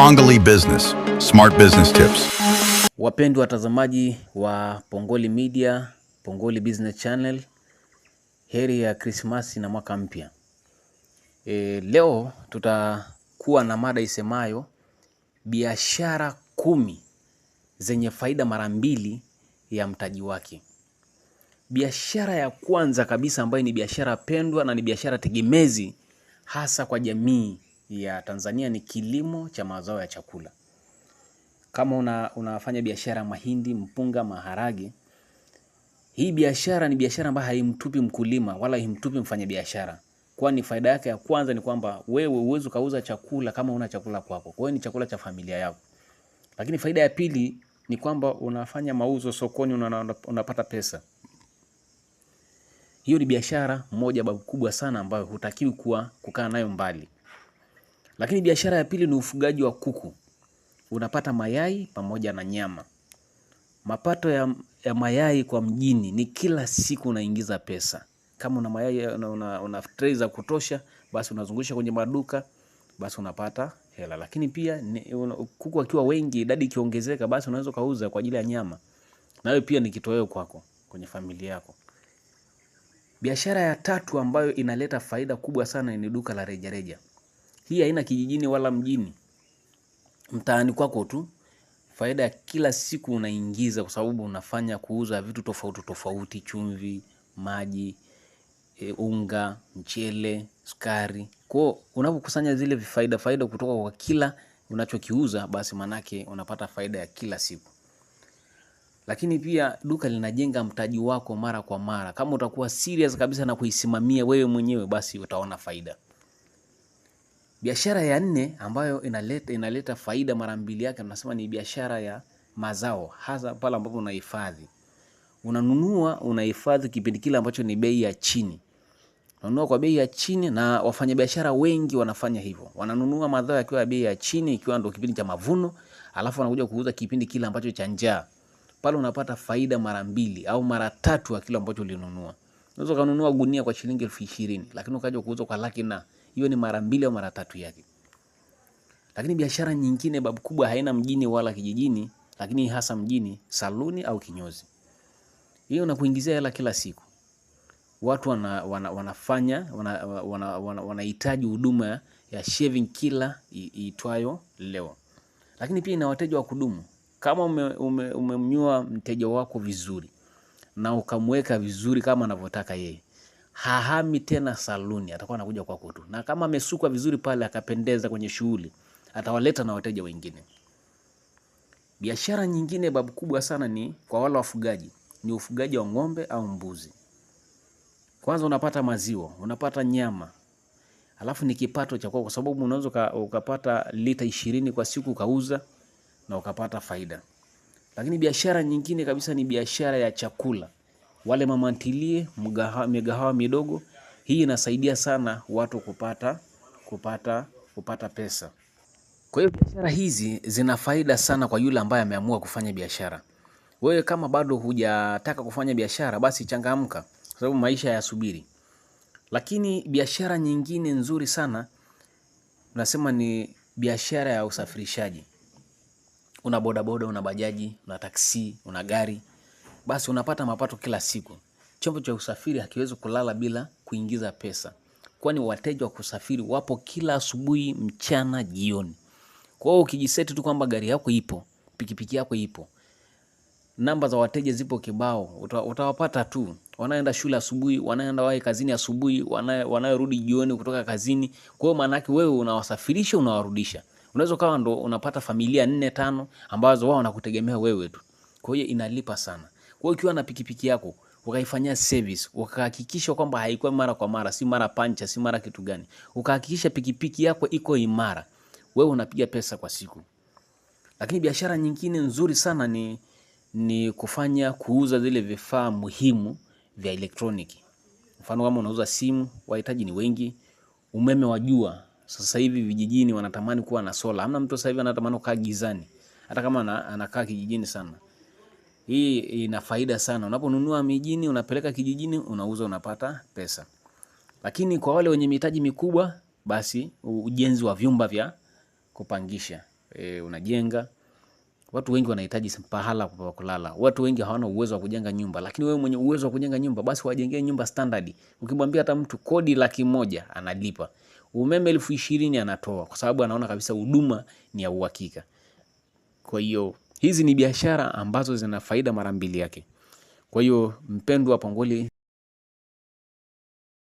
Pongoli Business, Smart Business Tips. Wapendwa watazamaji wa Pongoli Media, Pongoli Business Channel, heri ya Krismasi na mwaka mpya. E, leo tutakuwa na mada isemayo biashara kumi zenye faida mara mbili ya mtaji wake. Biashara ya kwanza kabisa ambayo ni biashara pendwa na ni biashara tegemezi hasa kwa jamii ya Tanzania ni kilimo cha mazao ya chakula. Kama una, unafanya biashara mahindi, mpunga, maharage, hii biashara ni biashara ambayo haimtupi mkulima wala haimtupi mfanya mfanyabiashara, kwani faida yake ya kwanza ni kwamba wewe uwezo ukauza chakula kama una chakula kwako, kwa hiyo ni chakula cha familia yako. Lakini faida ya pili ni kwamba unafanya mauzo sokoni, unapata pesa. Hiyo ni biashara moja babu kubwa sana ambayo hutakiwi kuwa kukaa nayo mbali. Lakini biashara ya pili ni ufugaji wa kuku, unapata mayai pamoja na nyama. Mapato ya, ya mayai kwa mjini ni kila siku unaingiza pesa. Kama una mayai una, una, una trei za kutosha, basi unazungusha kwenye maduka, basi unapata hela. Lakini pia ni, una, kuku akiwa wengi, idadi ikiongezeka, basi unaweza ukauza kwa ajili ya nyama, nayo pia ni kitoweo kwako kwenye familia yako. Biashara ya tatu ambayo inaleta faida kubwa sana ni duka la rejareja. Hii haina kijijini wala mjini, mtaani kwako tu. Faida ya kila siku unaingiza, kwa sababu unafanya kuuza vitu tofauti tofauti: chumvi, maji, e, unga, mchele, sukari. Kwa unapokusanya zile vifaida faida kutoka kwa kila unachokiuza, basi manake unapata faida ya kila siku. Lakini pia duka linajenga mtaji wako mara kwa mara. Kama utakuwa serious kabisa na kuisimamia wewe mwenyewe, basi utaona faida. Biashara ya nne ambayo inaleta, inaleta faida mara mbili yake tunasema ni biashara ya mazao, hasa pale ambapo unahifadhi, unanunua, unahifadhi kipindi kile ambacho ni bei ya chini, unanunua kwa bei ya chini, na wafanyabiashara wengi wanafanya hivyo, wananunua mazao yakiwa ya bei ya chini, ikiwa ndio kipindi cha mavuno, alafu wanakuja kuuza kipindi kile ambacho cha njaa. Pale unapata faida mara mbili au mara tatu ya kile ambacho ulinunua. Unaweza kununua gunia kwa shilingi elfu ishirini lakini ukaja kuuza kwa laki na hiyo ni mara mbili au mara tatu yake. Lakini biashara nyingine babu kubwa haina mjini wala kijijini, lakini hasa mjini, saluni au kinyozi, hiyo nakuingizia hela kila siku. Watu wana, wana, wanafanya wanahitaji wana, wana, wana huduma ya shaving kila iitwayo leo, lakini pia ina wateja wa kudumu. Kama umemnyua ume, ume mteja wako vizuri na ukamweka vizuri kama anavyotaka yeye hahami tena saluni, atakuwa anakuja kwako tu, na kama amesukwa vizuri pale akapendeza kwenye shughuli, atawaleta na wateja wengine. Biashara nyingine babu kubwa sana ni kwa wale wafugaji, ni ufugaji wa ng'ombe au mbuzi. Kwanza unapata maziwa, unapata nyama, alafu ni kipato cha kwako, kwa sababu unaweza ukapata lita ishirini kwa siku ukauza na ukapata faida. Lakini biashara nyingine kabisa ni biashara ya chakula wale mamantilie, migahawa midogo. Hii inasaidia sana watu kupata, kupata, kupata pesa. Kwa hiyo biashara hizi zina faida sana kwa yule ambaye ameamua kufanya biashara. Wewe kama bado hujataka kufanya biashara, basi changamka, kwa sababu maisha hayasubiri. Lakini biashara nyingine nzuri sana unasema ni biashara ya usafirishaji. Una bodaboda, una bajaji, una taksi, una gari, basi unapata mapato kila siku. Chombo cha usafiri hakiwezi kulala bila kuingiza pesa, kwani wateja wa kusafiri wapo kila asubuhi, mchana, jioni. Kwa hiyo ukijiseti tu kwamba gari yako ipo, pikipiki yako ipo, namba za wateja zipo kibao, utawapata tu. Wanaenda shule asubuhi, wanaenda wahi kazini asubuhi, wanayorudi jioni kutoka kazini. Kwa hiyo maana yake wewe unawasafirisha, unawarudisha. Unaweza ukawa ndo unapata familia nne tano ambazo wao wanakutegemea wewe tu, kwa hiyo inalipa sana. Kwa ukiwa na pikipiki yako ukaifanyia service ukahakikisha kwamba haikuwa mara kwa mara, si mara pancha, si mara kitu gani, ukahakikisha pikipiki yako iko imara, wewe unapiga pesa kwa siku. Lakini biashara nyingine nzuri sana ni, ni kufanya kuuza zile vifaa muhimu vya elektroniki. Mfano kama unauza simu, wahitaji ni wengi, umeme wa jua. Sasa hivi vijijini wanatamani kuwa na sola. Hamna mtu sasa hivi anatamani kukaa gizani, hata kama anakaa kijijini sana. Hii ina faida sana, unaponunua mijini unapeleka kijijini, unauza unapata pesa. Lakini kwa wale wenye mitaji mikubwa, basi ujenzi wa vyumba vya kupangisha e, unajenga. Watu wengi wanahitaji pahala pa kulala, watu wengi hawana uwezo wa kujenga nyumba, lakini wewe mwenye uwezo wa kujenga nyumba, basi wajengee nyumba standard. Ukimwambia hata mtu kodi laki moja analipa, umeme elfu ishirini anatoa, kwa sababu anaona kabisa huduma ni ya uhakika. Kwa hiyo Hizi ni biashara ambazo zina faida mara mbili yake. Kwa hiyo mpendwa Pongoli